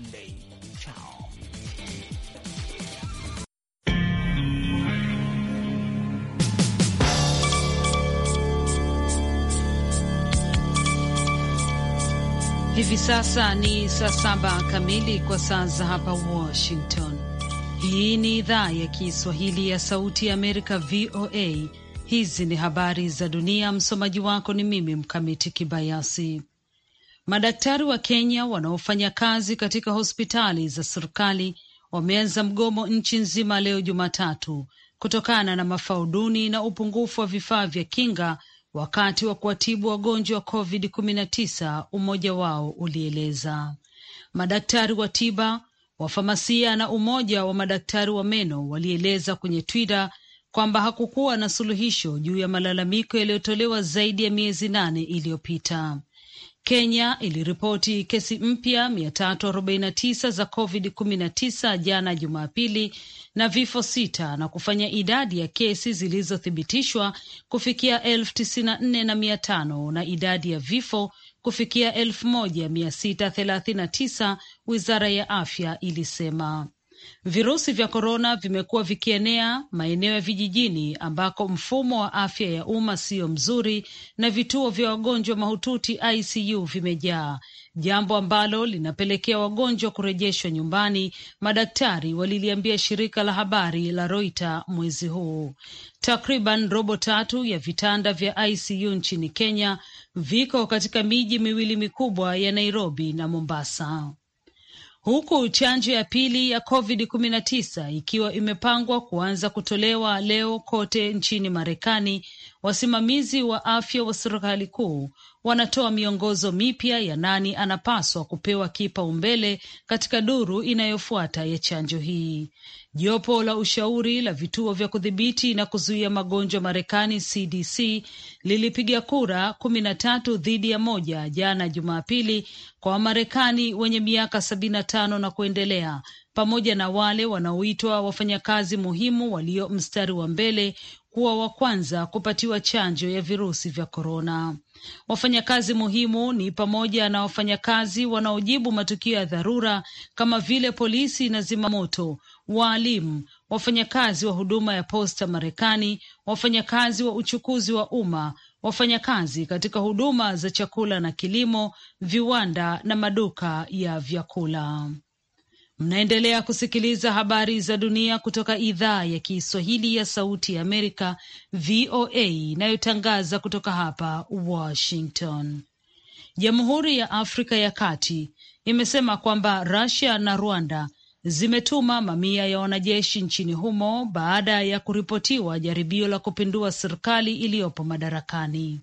Monday. Ciao. Hivi sasa ni saa saba kamili kwa saa za hapa Washington. Hii ni idhaa ya Kiswahili ya Sauti ya Amerika, VOA. Hizi ni habari za dunia. Msomaji wako ni mimi Mkamiti Kibayasi. Madaktari wa Kenya wanaofanya kazi katika hospitali za serikali wameanza mgomo nchi nzima leo Jumatatu kutokana na mafao duni na upungufu wa vifaa vya kinga wakati wa kuwatibu wagonjwa wa covid 19, umoja wao ulieleza. Madaktari wa tiba, wafamasia na umoja wa madaktari wa meno walieleza kwenye Twitter kwamba hakukuwa na suluhisho juu ya malalamiko yaliyotolewa zaidi ya miezi nane iliyopita. Kenya iliripoti kesi mpya 349 za COVID-19 jana Jumapili na vifo sita na kufanya idadi ya kesi zilizothibitishwa kufikia elfu na nne na mia tano na idadi ya vifo kufikia 1,639, wizara ya afya ilisema. Virusi vya korona vimekuwa vikienea maeneo ya vijijini ambako mfumo wa afya ya umma siyo mzuri na vituo vya wagonjwa mahututi ICU vimejaa, jambo ambalo linapelekea wagonjwa kurejeshwa nyumbani, madaktari waliliambia shirika la habari la Reuters mwezi huu. Takriban robo tatu ya vitanda vya ICU nchini Kenya viko katika miji miwili mikubwa ya Nairobi na Mombasa huku chanjo ya pili ya COVID-19 ikiwa imepangwa kuanza kutolewa leo kote nchini Marekani, Wasimamizi wa afya wa serikali kuu wanatoa miongozo mipya ya nani anapaswa kupewa kipaumbele katika duru inayofuata ya chanjo hii. Jopo la ushauri la vituo vya kudhibiti na kuzuia magonjwa Marekani, CDC, lilipiga kura kumi na tatu dhidi ya moja jana Jumapili kwa Wamarekani wenye miaka sabini na tano na kuendelea pamoja na wale wanaoitwa wafanyakazi muhimu walio mstari wa mbele kuwa wa kwanza kupatiwa chanjo ya virusi vya korona. Wafanyakazi muhimu ni pamoja na wafanyakazi wanaojibu matukio ya dharura kama vile polisi na zimamoto, waalimu, wafanyakazi wa huduma ya posta Marekani, wafanyakazi wa uchukuzi wa umma, wafanyakazi katika huduma za chakula na kilimo, viwanda na maduka ya vyakula. Mnaendelea kusikiliza habari za dunia kutoka idhaa ya Kiswahili ya Sauti ya Amerika, VOA, inayotangaza kutoka hapa Washington. Jamhuri ya Afrika ya Kati imesema kwamba rasia na Rwanda zimetuma mamia ya wanajeshi nchini humo baada ya kuripotiwa jaribio la kupindua serikali iliyopo madarakani.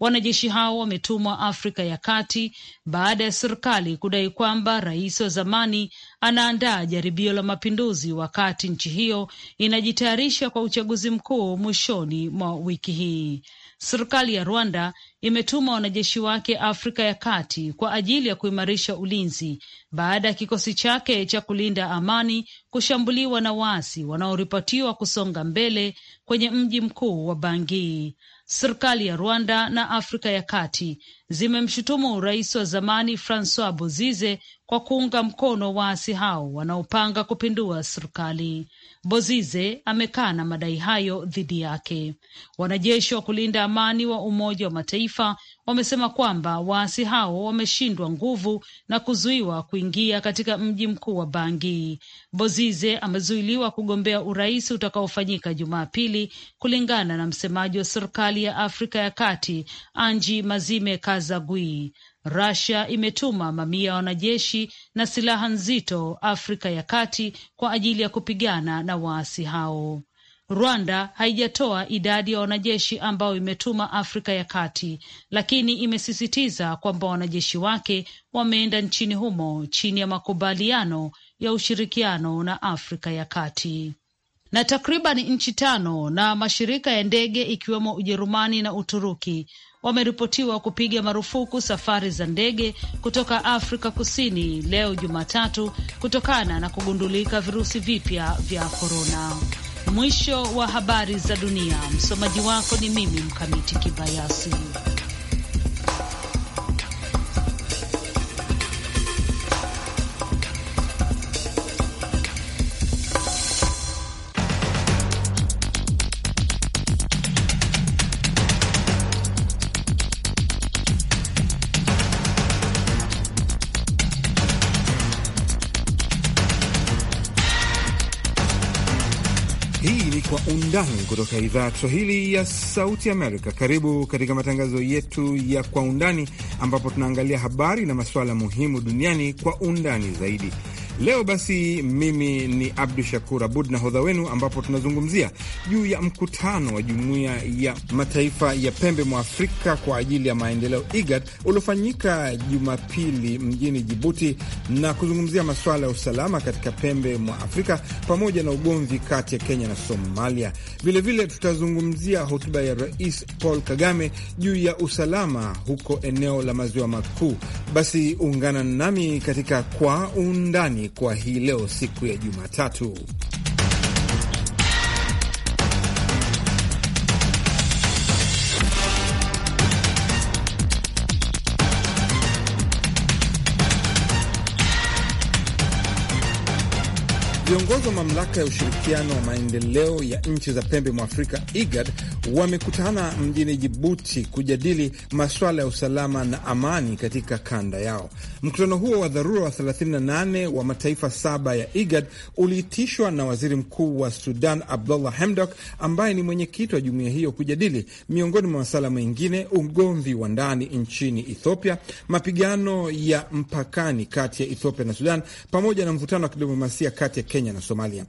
Wanajeshi hao wametumwa Afrika ya Kati baada ya serikali kudai kwamba rais wa zamani anaandaa jaribio la mapinduzi wakati nchi hiyo inajitayarisha kwa uchaguzi mkuu mwishoni mwa wiki hii. Serikali ya Rwanda imetuma wanajeshi wake Afrika ya Kati kwa ajili ya kuimarisha ulinzi baada ya kikosi chake cha kulinda amani kushambuliwa na waasi wanaoripotiwa kusonga mbele kwenye mji mkuu wa Bangui. Serikali ya Rwanda na Afrika ya Kati zimemshutumu rais wa zamani Francois Bozize kwa kuunga mkono waasi hao wanaopanga kupindua serikali. Bozize amekana madai hayo dhidi yake. Wanajeshi wa kulinda amani wa Umoja wa Mataifa wamesema kwamba waasi hao wameshindwa nguvu na kuzuiwa kuingia katika mji mkuu wa Bangi. Bozize amezuiliwa kugombea urais utakaofanyika Jumapili, kulingana na msemaji wa serikali ya Afrika ya Kati Anji Mazime Kazagui. Russia imetuma mamia ya wanajeshi na silaha nzito Afrika ya Kati kwa ajili ya kupigana na waasi hao. Rwanda haijatoa idadi ya wanajeshi ambao imetuma Afrika ya Kati, lakini imesisitiza kwamba wanajeshi wake wameenda nchini humo chini ya makubaliano ya ushirikiano na Afrika ya Kati na takriban nchi tano na mashirika ya ndege ikiwemo Ujerumani na Uturuki wameripotiwa kupiga marufuku safari za ndege kutoka Afrika Kusini leo Jumatatu kutokana na kugundulika virusi vipya vya korona. Mwisho wa habari za dunia. Msomaji wako ni mimi Mkamiti Kibayasi. undani kutoka idhaa ya Kiswahili ya Sauti Amerika. Karibu katika matangazo yetu ya kwa undani, ambapo tunaangalia habari na masuala muhimu duniani kwa undani zaidi. Leo basi, mimi ni Abdu Shakur Abud na hodha wenu, ambapo tunazungumzia juu ya mkutano wa Jumuiya ya Mataifa ya Pembe mwa Afrika kwa ajili ya maendeleo IGAD uliofanyika Jumapili mjini Jibuti na kuzungumzia masuala ya usalama katika pembe mwa Afrika pamoja na ugomvi kati ya Kenya na Somalia. Vilevile tutazungumzia hotuba ya Rais Paul Kagame juu ya usalama huko eneo la maziwa makuu. Basi ungana nami katika Kwa Undani kwa hii leo siku ya Jumatatu. Viongozi wa mamlaka ya ushirikiano wa maendeleo ya nchi za pembe mwa Afrika IGAD wamekutana mjini Jibuti kujadili masuala ya usalama na amani katika kanda yao. Mkutano huo wa dharura wa 38 wa mataifa saba ya IGAD uliitishwa na waziri mkuu wa Sudan Abdullah Hamdok, ambaye ni mwenyekiti wa jumuiya hiyo, kujadili miongoni mwa masuala mengine, ugomvi wa ndani nchini Ethiopia, mapigano ya mpakani kati ya Ethiopia na Sudan, pamoja na mvutano wa kidiplomasia kati ya Kenya na Somalia.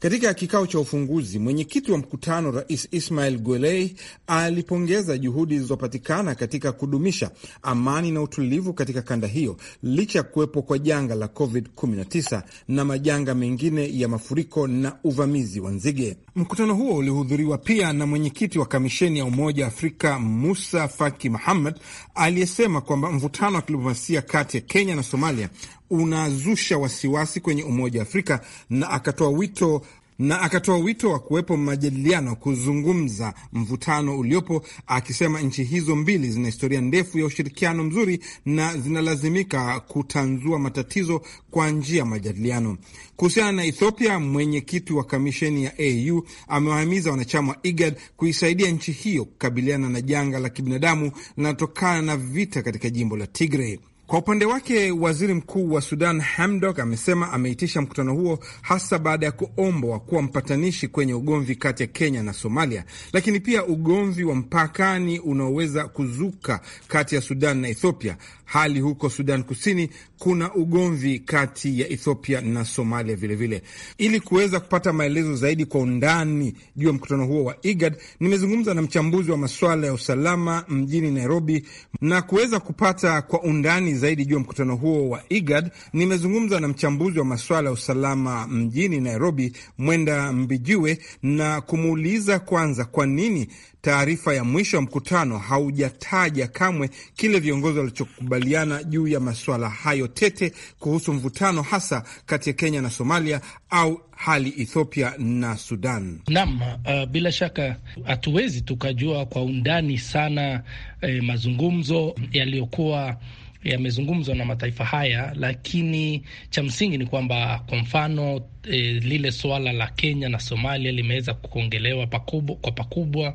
Katika kikao cha ufunguzi, mwenyekiti wa mkutano Rais Ismail Guelleh Saleh alipongeza juhudi zilizopatikana katika kudumisha amani na utulivu katika kanda hiyo licha ya kuwepo kwa janga la COVID-19 na majanga mengine ya mafuriko na uvamizi wa nzige. Mkutano huo ulihudhuriwa pia na mwenyekiti wa kamisheni ya Umoja wa Afrika Musa Faki Muhammad aliyesema kwamba mvutano wa kidiplomasia kati ya Kenya na Somalia unazusha wasiwasi kwenye Umoja wa Afrika na akatoa wito na akatoa wito wa kuwepo majadiliano kuzungumza mvutano uliopo, akisema nchi hizo mbili zina historia ndefu ya ushirikiano mzuri na zinalazimika kutanzua matatizo kwa njia ya majadiliano. Kuhusiana na Ethiopia, mwenyekiti wa kamisheni ya AU amewahimiza wanachama wa IGAD kuisaidia nchi hiyo kukabiliana na janga la kibinadamu linalotokana na vita katika jimbo la Tigray. Kwa upande wake waziri mkuu wa Sudan Hamdok amesema ameitisha mkutano huo hasa baada ya kuombwa kuwa mpatanishi kwenye ugomvi kati ya Kenya na Somalia, lakini pia ugomvi wa mpakani unaoweza kuzuka kati ya Sudan na Ethiopia. Hali huko Sudan Kusini kuna ugomvi kati ya Ethiopia na Somalia vilevile vile. Ili kuweza kupata maelezo zaidi kwa undani juu ya mkutano huo wa IGAD nimezungumza na mchambuzi wa masuala ya usalama mjini Nairobi na kuweza kupata kwa undani undani zaidi juu ya mkutano huo wa IGAD nimezungumza na mchambuzi wa masuala ya usalama mjini Nairobi, Mwenda Mbijiwe, na kumuuliza kwanza, kwa nini taarifa ya mwisho wa mkutano haujataja kamwe kile viongozi walichokubaliana juu ya masuala hayo tete kuhusu mvutano hasa kati ya Kenya na Somalia au hali Ethiopia na Sudan. Naam, uh, bila shaka hatuwezi tukajua kwa undani sana eh, mazungumzo yaliyokuwa yamezungumzwa na mataifa haya, lakini cha msingi ni kwamba kwa mfano E, lile suala la Kenya na Somalia limeweza kuongelewa pakubwa, kwa pakubwa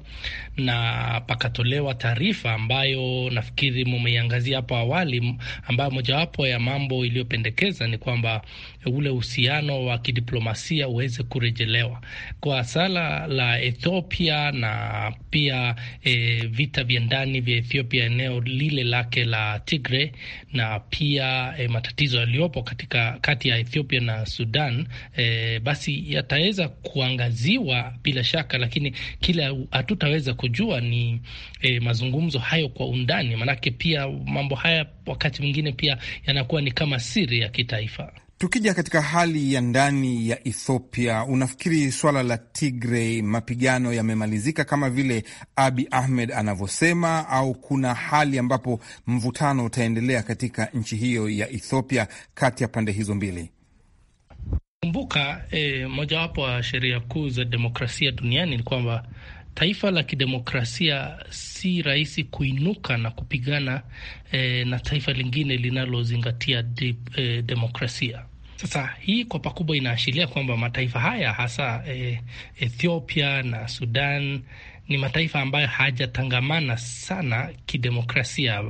na pakatolewa taarifa ambayo nafikiri mumeiangazia hapo awali, ambayo mojawapo ya mambo iliyopendekeza ni kwamba ule uhusiano wa kidiplomasia uweze kurejelewa kwa sala la Ethiopia na pia e, vita vya ndani vya Ethiopia eneo lile lake la tigre na pia e, matatizo yaliyopo katika kati ya Ethiopia na Sudan e, basi yataweza kuangaziwa bila shaka, lakini kila hatutaweza kujua ni e, mazungumzo hayo kwa undani, maanake pia mambo haya wakati mwingine pia yanakuwa ni kama siri ya kitaifa. Tukija katika hali ya ndani ya Ethiopia, unafikiri swala la Tigray mapigano yamemalizika kama vile Abi Ahmed anavyosema, au kuna hali ambapo mvutano utaendelea katika nchi hiyo ya Ethiopia kati ya pande hizo mbili? Kumbuka eh, mojawapo wa sheria kuu za demokrasia duniani ni kwamba taifa la kidemokrasia si rahisi kuinuka na kupigana eh, na taifa lingine linalozingatia de, eh, demokrasia. Sasa hii kwa pakubwa inaashiria kwamba mataifa haya hasa eh, Ethiopia na Sudan ni mataifa ambayo hajatangamana sana kidemokrasia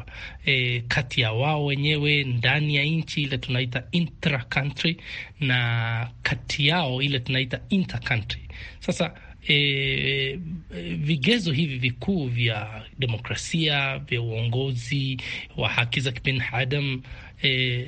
e, kati ya wao wenyewe ndani ya nchi ile tunaita intra country na kati yao ile tunaita inter country. Sasa e, e, vigezo hivi vikuu vya demokrasia vya uongozi wa haki za kibinadamu e,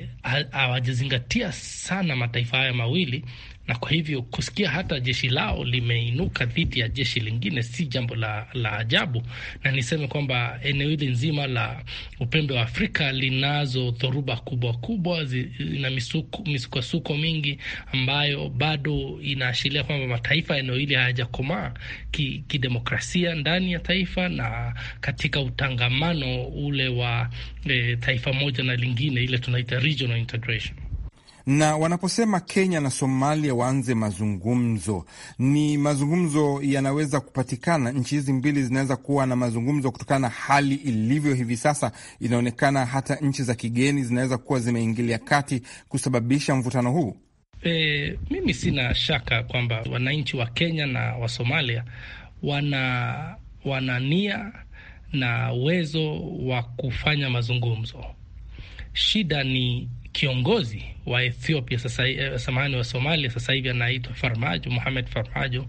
hawajazingatia sana mataifa haya mawili na kwa hivyo kusikia hata jeshi lao limeinuka dhidi ya jeshi lingine si jambo la, la ajabu, na niseme kwamba eneo hili nzima la upembe wa Afrika linazo dhoruba kubwa kubwa na misukosuko mingi ambayo bado inaashiria kwamba mataifa eneo hili hayajakomaa kidemokrasia ki ndani ya taifa na katika utangamano ule wa e, taifa moja na lingine, ile tunaita regional integration na wanaposema Kenya na Somalia waanze mazungumzo, ni mazungumzo yanaweza kupatikana. Nchi hizi mbili zinaweza kuwa na mazungumzo kutokana na hali ilivyo hivi sasa. Inaonekana hata nchi za kigeni zinaweza kuwa zimeingilia kati kusababisha mvutano huu. E, mimi sina shaka kwamba wananchi wa Kenya na wa Somalia wana wana nia na uwezo wa kufanya mazungumzo. Shida ni kiongozi wa Ethiopia sasa, eh, samani wa Somalia sasa hivi anaitwa Farmajo, Mohamed Farmajo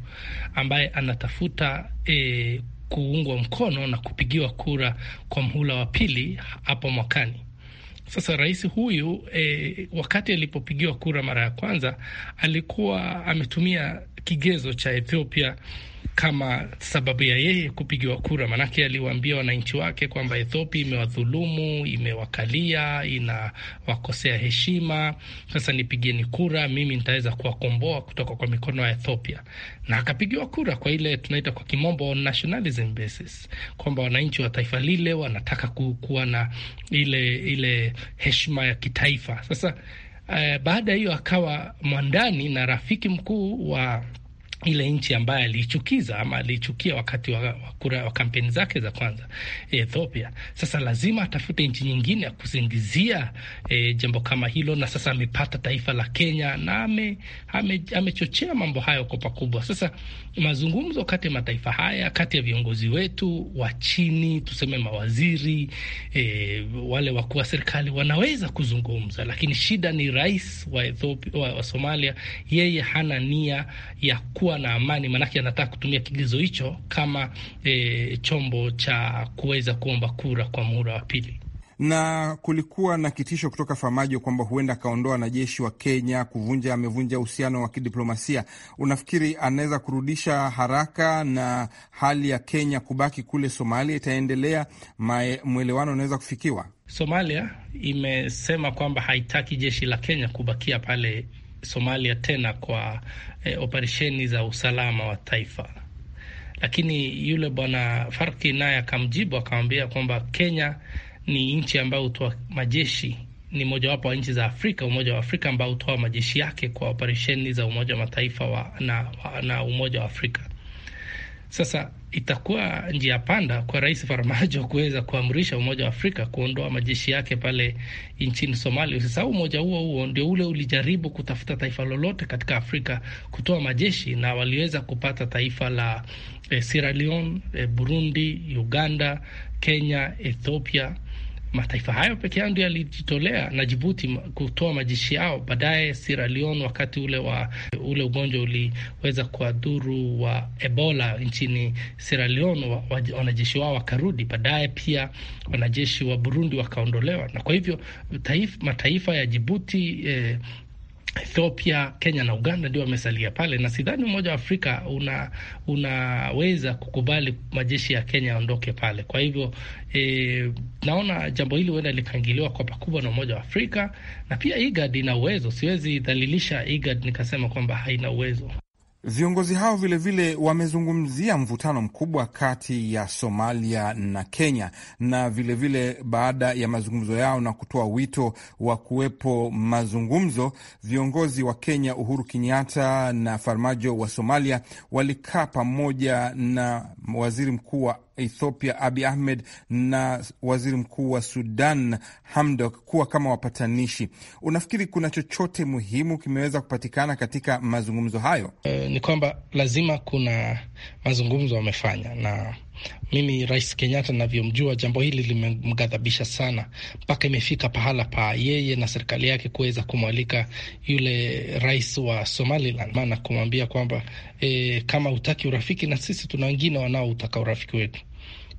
ambaye anatafuta eh, kuungwa mkono na kupigiwa kura kwa mhula wa pili hapo mwakani. Sasa rais huyu eh, wakati alipopigiwa kura mara ya kwanza alikuwa ametumia kigezo cha Ethiopia kama sababu ya yeye kupigiwa kura, maanake aliwaambia wananchi wake kwamba Ethiopia imewadhulumu, imewakalia, inawakosea heshima. Sasa nipigeni kura, mimi nitaweza kuwakomboa kutoka kwa mikono ya Ethiopia. Na akapigiwa kura kwa ile tunaita kwa kimombo nationalism basis, kwamba wananchi wa taifa lile wanataka kuwa na ile ile heshima ya kitaifa. Sasa Eh, baada ya hiyo akawa mwandani na rafiki mkuu wa ile nchi ambayo aliichukiza ama aliichukia wakati wa, wakura, wa kampeni zake za kwanza Ethiopia. Sasa lazima atafute nchi nyingine ya kusingizia e, jambo kama hilo, na sasa amepata taifa la Kenya na amechochea ame, ame mambo hayo kwa pakubwa. Sasa mazungumzo kati ya mataifa haya, kati ya viongozi wetu wa chini, tuseme mawaziri e, wale wakuu wa serikali wanaweza kuzungumza, lakini shida ni rais wa, Ethiopia, wa, wa Somalia, yeye hana nia ya kuwa kuwa na amani, maanake anataka kutumia kigezo hicho kama e, chombo cha kuweza kuomba kura kwa muhula wa pili na kulikuwa na kitisho kutoka Famajo kwamba huenda akaondoa wanajeshi wa Kenya kuvunja, amevunja uhusiano wa kidiplomasia. Unafikiri anaweza kurudisha haraka na hali ya Kenya kubaki kule Somalia itaendelea? Mwelewano unaweza kufikiwa? Somalia imesema kwamba haitaki jeshi la Kenya kubakia pale Somalia tena kwa e, operesheni za usalama wa taifa. Lakini yule bwana Farki naye akamjibu akamwambia kwamba Kenya ni nchi ambayo hutoa majeshi, ni mojawapo wa nchi za Afrika, Umoja wa Afrika ambao hutoa majeshi yake kwa operesheni za Umoja wa Mataifa wa, na, na Umoja wa Afrika. Sasa itakuwa njia panda kwa Rais Farmajo kuweza kuamrisha Umoja wa Afrika kuondoa majeshi yake pale nchini Somalia. Usisahau umoja huo huo ndio ule ulijaribu kutafuta taifa lolote katika Afrika kutoa majeshi na waliweza kupata taifa la eh, Sierra Leone, eh, Burundi, Uganda, Kenya, Ethiopia mataifa hayo peke yao ndio yalijitolea na Jibuti kutoa majeshi yao. Baadaye Sierra Leone, wakati ule wa ule ugonjwa uliweza kuwadhuru wa Ebola nchini Sierra Leone, wa, wa, wanajeshi wao wakarudi. Baadaye pia wanajeshi wa Burundi wakaondolewa, na kwa hivyo taifa, mataifa ya Jibuti eh, Ethiopia, Kenya na Uganda ndio wamesalia pale, na sidhani Umoja wa Afrika una unaweza kukubali majeshi ya Kenya yaondoke pale. Kwa hivyo e, naona jambo hili huenda likaingiliwa kwa pakubwa na Umoja wa Afrika na pia IGAD ina uwezo. Siwezi dhalilisha IGAD nikasema kwamba haina uwezo. Viongozi hao vilevile wamezungumzia mvutano mkubwa kati ya Somalia na Kenya na vilevile vile, baada ya mazungumzo yao na kutoa wito wa kuwepo mazungumzo, viongozi wa Kenya Uhuru Kenyatta na Farmajo wa Somalia walikaa pamoja na waziri mkuu wa Ethiopia Abi Ahmed na waziri mkuu wa Sudan Hamdok kuwa kama wapatanishi. Unafikiri kuna chochote muhimu kimeweza kupatikana katika mazungumzo hayo? E, ni kwamba lazima kuna mazungumzo wamefanya na mimi Rais Kenyatta navyomjua, jambo hili limemghadhabisha sana, mpaka imefika pahala pa yeye na serikali yake kuweza kumwalika yule rais wa Somaliland, maana kumwambia kwamba e, kama utaki urafiki na sisi, tuna wengine wanaoutaka urafiki wetu.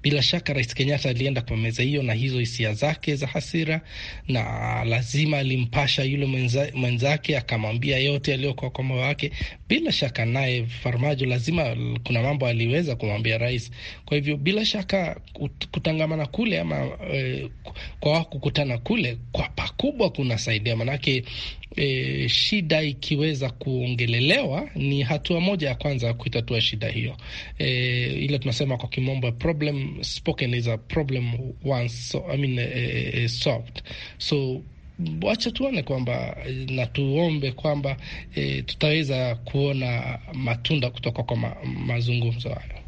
Bila shaka Rais Kenyatta alienda kwa meza hiyo na hizo hisia zake za hasira, na lazima alimpasha yule mwenzake, akamwambia yote aliyokoa kwa moyo wake bila shaka naye Farmajo lazima kuna mambo aliweza kumwambia rais. Kwa hivyo bila shaka kutangamana kule ama e, kwa wao kukutana kule kwa pakubwa kunasaidia manake E, shida ikiweza kuongelelewa ni hatua moja ya kwanza ya kuitatua shida hiyo. E, ile tunasema kwa kimombo problem spoken is a problem once so, I mean, e, e, solved so wacha tuone kwamba na tuombe kwamba e, tutaweza kuona matunda kutoka kwa ma, mazungumzo hayo.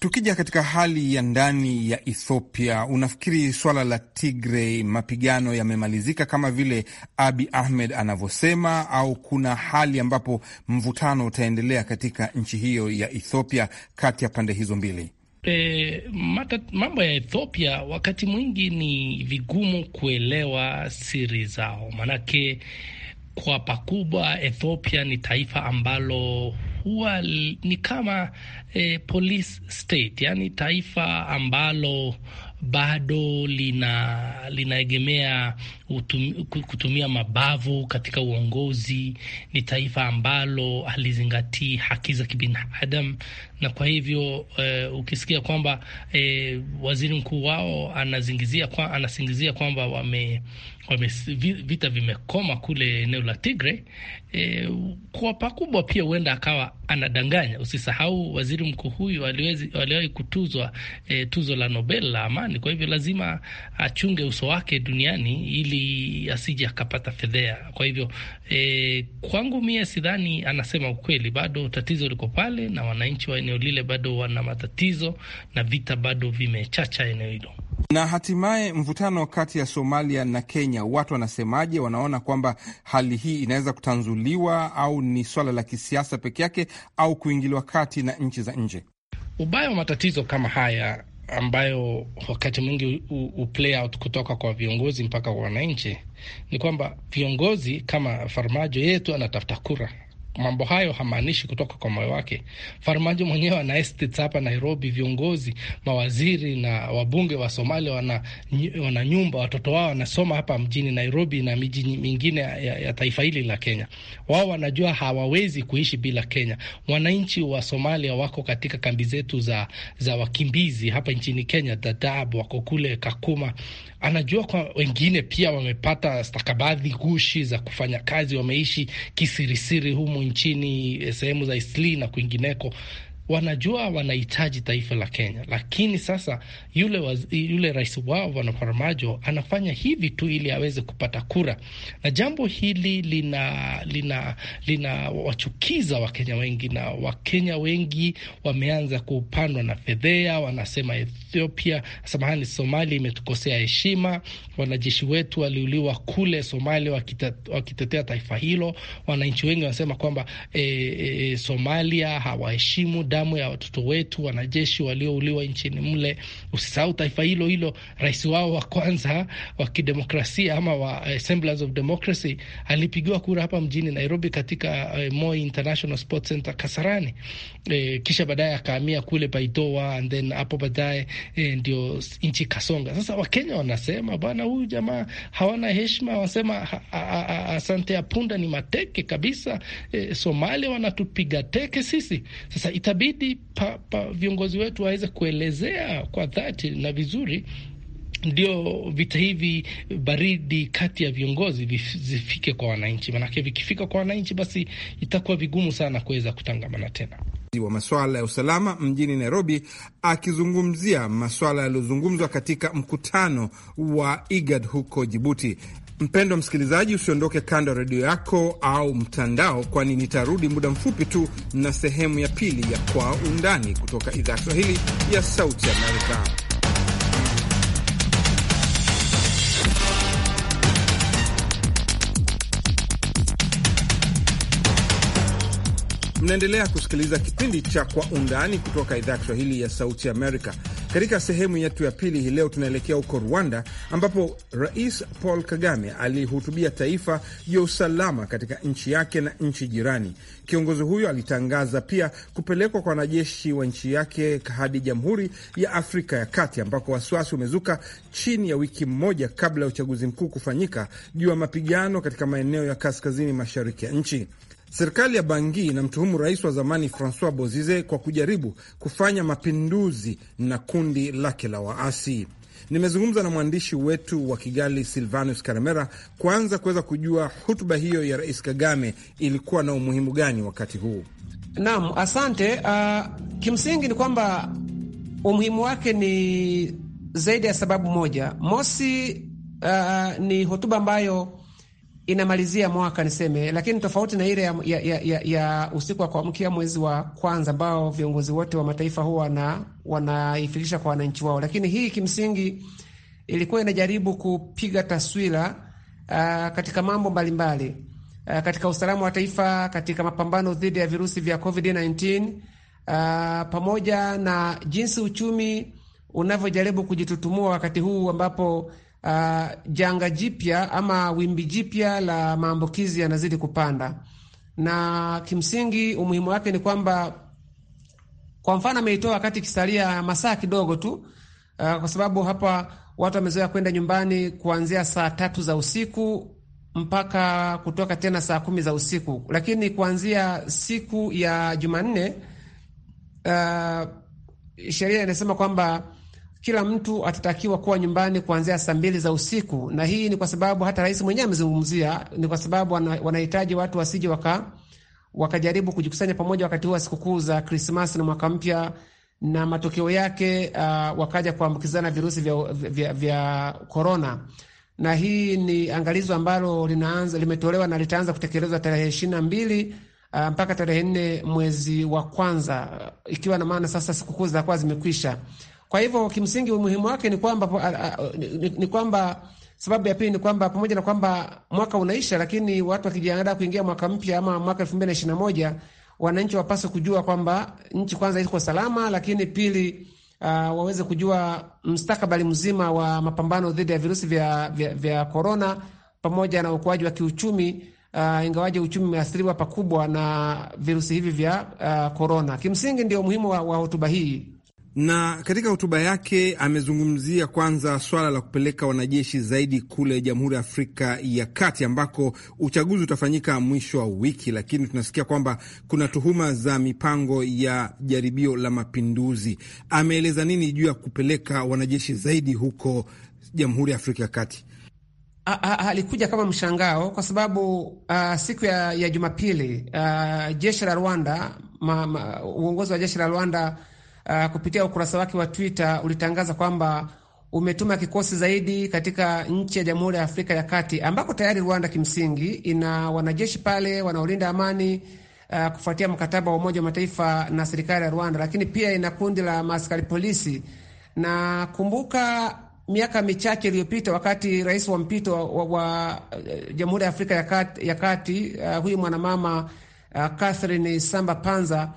Tukija katika hali ya ndani ya Ethiopia, unafikiri swala la Tigray mapigano yamemalizika kama vile Abi Ahmed anavyosema, au kuna hali ambapo mvutano utaendelea katika nchi hiyo ya Ethiopia kati ya pande hizo mbili? E, mata, mambo ya Ethiopia wakati mwingi ni vigumu kuelewa siri zao, manake kwa pakubwa Ethiopia ni taifa ambalo huwa ni kama e, police state, yani taifa ambalo bado lina linaegemea utum, kutumia mabavu katika uongozi. Ni taifa ambalo halizingatii haki za kibinadamu, na kwa hivyo e, ukisikia kwamba e, waziri mkuu wao anazingizia kwa, anasingizia kwamba wame, wame vita vimekoma kule eneo la Tigre e, kwa pakubwa pia huenda akawa anadanganya. Usisahau waziri mkuu huyu aliwahi kutuzwa e, tuzo la Nobel la amani duniani. Kwa hivyo lazima achunge uso wake duniani ili asije akapata fedhea. Kwa hivyo e, kwangu mie sidhani anasema ukweli. Bado tatizo liko pale, na wananchi wa eneo lile bado wana matatizo na vita bado vimechacha eneo hilo. Na hatimaye mvutano kati ya Somalia na Kenya, watu wanasemaje? Wanaona kwamba hali hii inaweza kutanzuliwa au ni swala la kisiasa peke yake au kuingiliwa kati na nchi za nje? Ubaya wa matatizo kama haya ambayo wakati mwingi uplay out kutoka kwa viongozi mpaka wananchi ni kwamba viongozi kama Farmajo yeye tu anatafuta kura, mambo hayo hamaanishi kutoka kwa moyo wake. Farmajo mwenyewe ana estates hapa Nairobi, viongozi, mawaziri na wabunge wa Somalia wana, wana nyumba, watoto wao wanasoma hapa mjini Nairobi na miji mingine ya, ya taifa hili la Kenya. Wao wanajua hawawezi kuishi bila Kenya. Wananchi wa Somalia wako katika kambi zetu za, za wakimbizi hapa nchini Kenya, Dadaab, wako kule Kakuma. Anajua kwa wengine pia wamepata stakabadhi gushi za kufanya kazi, wameishi kisirisiri humu nchini eh, sehemu za Isli na kwingineko wanajua wanahitaji taifa la Kenya, lakini sasa yule, waz, yule rais wao Bwana Farmajo anafanya hivi tu ili aweze kupata kura, na jambo hili lina lina linawachukiza Wakenya wengi, na Wakenya wengi wameanza kupandwa na fedhea, wanasema Ethiopia, samahani, Somalia imetukosea heshima. Wanajeshi wetu waliuliwa kule Somalia wakitetea taifa hilo. Wananchi wengi wanasema kwamba e, e, Somalia hawaheshimu damu ya watoto wetu, wanajeshi waliouliwa nchini mle. Usisahau taifa hilo hilo, rais wao wa kwanza wa kidemokrasia ama wa eh, Semblance of Democracy alipigiwa kura hapa mjini Nairobi katika e, Moi International Sports Center Kasarani. E, kisha baadaye akahamia kule Baidoa and then hapo baadaye e, ndio nchi kasonga. Sasa Wakenya wanasema bwana, huyu jamaa hawana heshima, wanasema asante ya punda ni mateke kabisa. E, Somalia wanatupiga teke sisi. Sasa itabidi pa, pa, viongozi wetu waweze kuelezea kwa dhati na vizuri ndio vita hivi baridi kati ya viongozi vifike kwa wananchi, manake vikifika kwa wananchi, basi itakuwa vigumu sana kuweza kutangamana tena wa masuala ya usalama mjini Nairobi akizungumzia masuala yaliyozungumzwa katika mkutano wa IGAD huko Jibuti. Mpendwa msikilizaji, usiondoke kando ya redio yako au mtandao, kwani nitarudi muda mfupi tu na sehemu ya pili ya Kwa Undani kutoka idhaa ya Kiswahili ya Sauti Amerika. Mnaendelea kusikiliza kipindi cha Kwa Undani kutoka idhaa ya Kiswahili ya Sauti Amerika. Katika sehemu yetu ya pili hii leo tunaelekea huko Rwanda, ambapo Rais Paul Kagame alihutubia taifa juu ya usalama katika nchi yake na nchi jirani. Kiongozi huyo alitangaza pia kupelekwa kwa wanajeshi wa nchi yake hadi Jamhuri ya Afrika ya Kati, ambako wasiwasi umezuka chini ya wiki moja kabla ya uchaguzi mkuu kufanyika juu ya mapigano katika maeneo ya kaskazini mashariki ya nchi. Serikali ya Bangi inamtuhumu rais wa zamani Francois Bozize kwa kujaribu kufanya mapinduzi na kundi lake la waasi. Nimezungumza na mwandishi wetu wa Kigali, Silvanus Karemera, kwanza kuweza kujua hotuba hiyo ya Rais Kagame ilikuwa na umuhimu gani wakati huu. Naam, asante. Uh, kimsingi ni kwamba umuhimu wake ni zaidi ya sababu moja. Mosi, uh, ni hotuba ambayo inamalizia mwaka niseme, lakini tofauti na ile ya, ya, ya, ya usiku wa kuamkia mwezi wa kwanza ambao viongozi wote wa mataifa huwa wanaifikisha kwa wananchi wao, lakini hii kimsingi ilikuwa inajaribu kupiga taswira uh, katika mambo mbalimbali mbali. Uh, katika usalama wa taifa, katika mapambano dhidi ya virusi vya COVID-19 uh, ah, pamoja na jinsi uchumi unavyojaribu kujitutumua wakati huu ambapo uh, janga jipya ama wimbi jipya la maambukizi yanazidi kupanda, na kimsingi umuhimu wake ni kwamba, kwa mfano, ameitoa wakati kisalia masaa kidogo tu, uh, kwa sababu hapa watu wamezoea kwenda nyumbani kuanzia saa tatu za usiku mpaka kutoka tena saa kumi za usiku, lakini kuanzia siku ya Jumanne uh, sheria inasema kwamba kila mtu atatakiwa kuwa nyumbani kuanzia saa mbili za usiku, na hii ni kwa sababu hata rais mwenyewe amezungumzia, ni kwa sababu wanahitaji watu wasije waka wakajaribu kujikusanya pamoja wakati huu wa sikukuu za Krismasi na mwaka mpya, na matokeo yake uh, wakaja kuambukizana virusi vya, vya, vya korona. Na hii ni angalizo ambalo linaanza limetolewa na litaanza kutekelezwa tarehe ishirini na mbili uh, mpaka tarehe nne mwezi wa kwanza, ikiwa na maana sasa sikukuu zitakuwa zimekwisha. Kwa hivyo kimsingi umuhimu wake ni kwamba ni, ni kwamba sababu ya pili ni kwamba pamoja na kwamba mwaka unaisha, lakini watu wakijiandaa kuingia mwaka mpya ama mwaka elfu mbili na ishirini na moja wananchi wapaswe kujua kwamba nchi kwanza iko salama, lakini pili uh, waweze kujua mstakabali mzima wa mapambano dhidi ya virusi vya, vya, vya korona pamoja na ukuaji wa kiuchumi uh, ingawaje uchumi umeathiriwa pakubwa na virusi hivi vya korona. Uh, kimsingi ndio umuhimu wa, wa hotuba hii na katika hotuba yake amezungumzia kwanza swala la kupeleka wanajeshi zaidi kule Jamhuri ya Afrika ya Kati ambako uchaguzi utafanyika mwisho wa wiki, lakini tunasikia kwamba kuna tuhuma za mipango ya jaribio la mapinduzi. Ameeleza nini juu ya kupeleka wanajeshi zaidi huko Jamhuri ya Afrika ya Kati? Alikuja kama mshangao kwa sababu a, siku ya, ya Jumapili jeshi la Rwanda uongozi wa jeshi la Rwanda uh, kupitia ukurasa wake wa Twitter ulitangaza kwamba umetuma kikosi zaidi katika nchi ya Jamhuri ya Afrika ya Kati ambako tayari Rwanda kimsingi ina wanajeshi pale wanaolinda amani uh, kufuatia mkataba wa Umoja wa Mataifa na serikali ya Rwanda, lakini pia ina kundi la maaskari polisi. Na kumbuka miaka michache iliyopita, wakati rais wa mpito wa, wa eh, Jamhuri ya Afrika ya Kati, ya Kati uh, huyu mwanamama uh, Catherine Samba Panza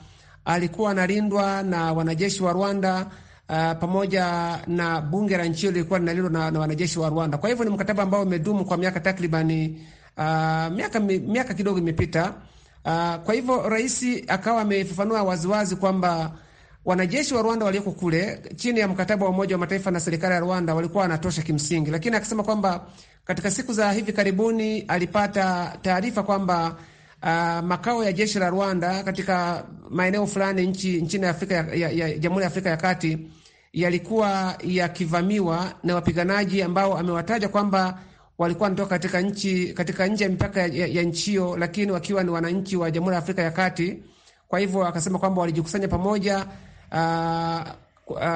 alikuwa analindwa na wanajeshi wa Rwanda. Uh, pamoja na bunge la nchi hiyo lilikuwa linalindwa na, na wanajeshi wa Rwanda. Kwa hivyo ni mkataba ambao umedumu kwa miaka takribani uh, miaka, miaka kidogo imepita. Uh, kwa hivyo rais akawa amefafanua waziwazi kwamba wanajeshi wa Rwanda walioko kule chini ya mkataba wa Umoja wa Mataifa na serikali ya Rwanda walikuwa wanatosha kimsingi, lakini akasema kwamba katika siku za hivi karibuni alipata taarifa kwamba uh, makao ya jeshi la Rwanda katika maeneo fulani nchi, nchini Afrika ya, ya Jamhuri ya Afrika ya Kati yalikuwa yakivamiwa na wapiganaji ambao amewataja kwamba walikuwa wanatoka katika nchi katika nje ya mipaka ya, ya, nchi hiyo, lakini wakiwa ni wananchi wa Jamhuri ya Afrika ya Kati. Kwa hivyo akasema kwamba walijikusanya pamoja uh,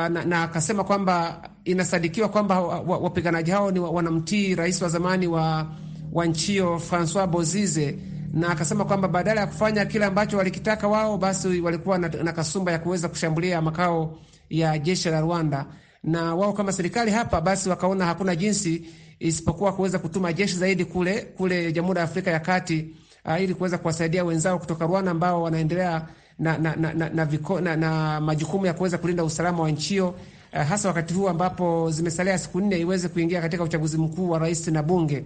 na akasema kwamba inasadikiwa kwamba wapiganaji hao ni wanamtii rais wa zamani wa, wa nchi hiyo Francois Bozize na akasema kwamba badala ya kufanya kile ambacho walikitaka wao, basi walikuwa na, na kasumba ya kuweza kushambulia makao ya jeshi la Rwanda, na wao kama serikali hapa, basi wakaona hakuna jinsi isipokuwa kuweza kutuma jeshi zaidi kule kule Jamhuri ya Afrika ya Kati uh, ili kuweza kuwasaidia wenzao kutoka Rwanda ambao wanaendelea na, na, na, na, na, viko, na, na majukumu ya kuweza kulinda usalama wa nchi hiyo uh, hasa wakati huu ambapo zimesalia siku nne iweze kuingia katika uchaguzi mkuu wa rais na bunge.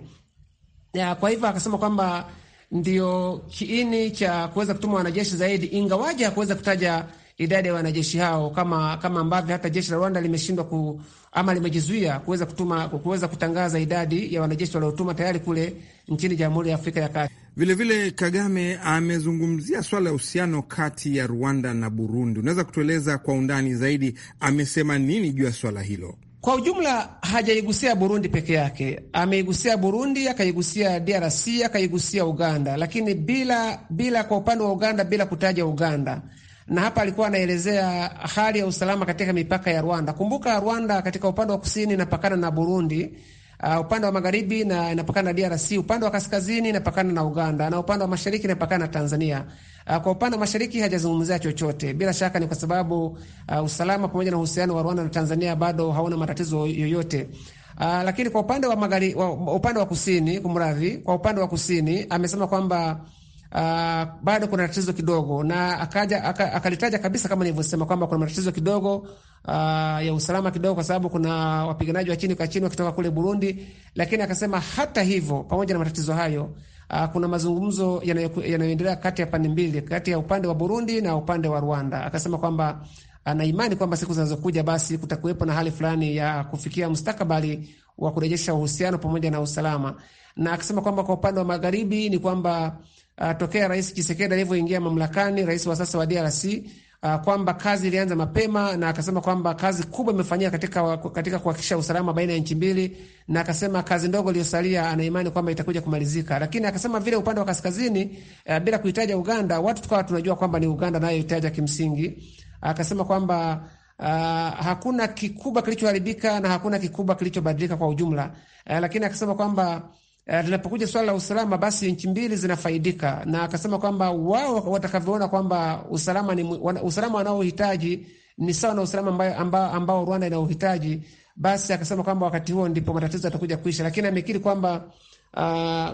Uh, kwa hivyo akasema kwamba ndio kiini cha kuweza kutuma wanajeshi zaidi, ingawaje hakuweza kutaja idadi ya wanajeshi hao, kama kama ambavyo hata jeshi la Rwanda limeshindwa ku ama limejizuia kuweza kutuma kuweza kutangaza idadi ya wanajeshi waliotuma tayari kule nchini Jamhuri ya Afrika ya Kati. Vilevile Kagame amezungumzia swala ya uhusiano kati ya Rwanda na Burundi. Unaweza kutueleza kwa undani zaidi, amesema nini juu ya swala hilo? Kwa ujumla hajaigusia Burundi peke yake, ameigusia Burundi, akaigusia DRC, akaigusia Uganda, lakini bila bila kwa upande wa Uganda bila kutaja Uganda. Na hapa alikuwa anaelezea hali ya usalama katika mipaka ya Rwanda. Kumbuka Rwanda katika upande wa kusini inapakana na Burundi uh, upande wa magharibi na inapakana na DRC, upande wa kaskazini inapakana na Uganda na upande wa mashariki inapakana na Tanzania. Uh, kwa upande wa mashariki hajazungumzia chochote. Bila shaka ni kwa sababu uh, usalama pamoja na uhusiano wa Rwanda na Tanzania bado hauna matatizo yoyote. Uh, lakini kwa upande wa magharibi, upande wa kusini, kumradhi, kwa upande wa kusini amesema kwamba Uh, bado kuna tatizo kidogo na akaja akalitaja kabisa kama nilivyosema kwamba kuna matatizo kidogo uh, ya usalama kidogo, kwa sababu kuna wapiganaji wa chini kwa chini wakitoka kule Burundi, lakini akasema hata hivyo, pamoja na matatizo hayo uh, kuna mazungumzo yanayoendelea kati ya pande mbili, kati ya upande wa Burundi na upande wa Rwanda. Akasema kwamba ana imani kwamba siku zinazokuja basi kutakuwepo na hali fulani ya kufikia mustakabali wa kurejesha uhusiano pamoja na usalama, na akasema kwamba kwa upande wa magharibi ni kwamba uh, tokea Rais Chisekedi alivyoingia mamlakani, rais wa sasa wa DRC uh, ah, kwamba kazi ilianza mapema, na akasema kwamba kazi kubwa imefanyika katika, katika kuhakikisha usalama baina ya nchi mbili, na akasema kazi ndogo iliyosalia anaimani kwamba itakuja kumalizika. Lakini akasema vile upande wa kaskazini uh, bila kuitaja Uganda, watu tukawa tunajua kwamba ni Uganda nayoitaja kimsingi. Akasema kwamba Uh, hakuna kikubwa kilichoharibika na hakuna kikubwa kilichobadilika kwa ujumla. Uh, lakini akasema kwamba Uh, linapokuja swala la usalama, basi nchi mbili zinafaidika, na akasema kwamba wao watakavyoona kwamba usalama ni usalama wanaohitaji ni sawa na usalama ambao, amba, amba Rwanda inaohitaji, basi akasema kwamba wakati huo ndipo matatizo yatakuja kuisha, lakini amekiri kwamba Uh,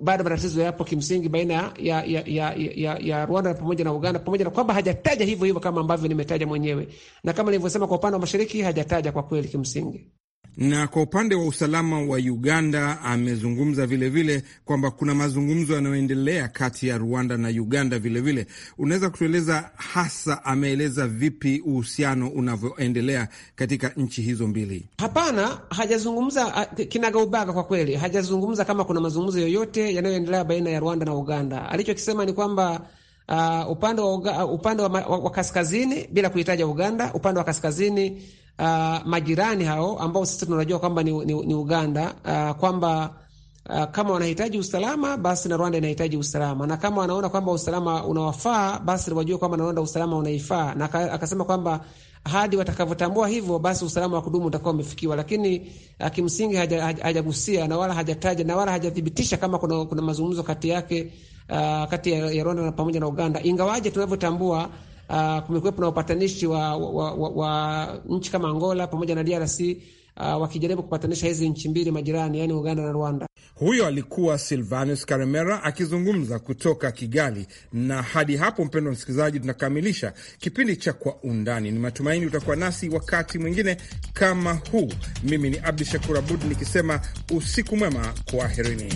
bado matatizo yapo kimsingi baina ya, ya, ya, ya, ya Rwanda pamoja na Uganda, pamoja na kwamba hajataja hivyo hivyo kama ambavyo nimetaja mwenyewe, na kama nilivyosema, kwa upande wa mashariki hajataja kwa kweli kimsingi. Na kwa upande wa usalama wa Uganda amezungumza vilevile kwamba kuna mazungumzo yanayoendelea kati ya Rwanda na Uganda vilevile. Unaweza kutueleza hasa ameeleza vipi uhusiano unavyoendelea katika nchi hizo mbili? Hapana, hajazungumza kinagaubaga, kwa kweli hajazungumza kama kuna mazungumzo yoyote yanayoendelea baina ya Rwanda na Uganda. Alichokisema ni kwamba uh, upande wa, uh, upande wa, wa, wa kaskazini bila kuhitaja Uganda, upande wa kaskazini uh, majirani hao ambao sisi tunajua kwamba ni, ni, ni Uganda uh, kwamba uh, kama wanahitaji usalama basi na Rwanda inahitaji usalama, na kama wanaona kwamba usalama unawafaa basi wajue kwamba na Rwanda usalama unaifaa, na akasema kwamba hadi watakavyotambua hivyo basi usalama wa kudumu utakuwa umefikiwa. Lakini kimsingi hajagusia haja na wala hajataja na wala hajathibitisha kama kuna, kuna mazungumzo kati yake uh, kati ya, ya Rwanda na pamoja na Uganda, ingawaje tunavyotambua Uh, kumekuwepo na upatanishi wa, wa, wa, wa nchi kama Angola pamoja na DRC uh, ah, wakijaribu kupatanisha hizi nchi mbili majirani, yaani Uganda na Rwanda. Huyo alikuwa Silvanus Karemera akizungumza kutoka Kigali. Na hadi hapo, mpendwa msikilizaji, tunakamilisha kipindi cha Kwa Undani. Ni matumaini utakuwa nasi wakati mwingine kama huu. Mimi ni Abdu Shakur Abud nikisema usiku mwema, kwaherini.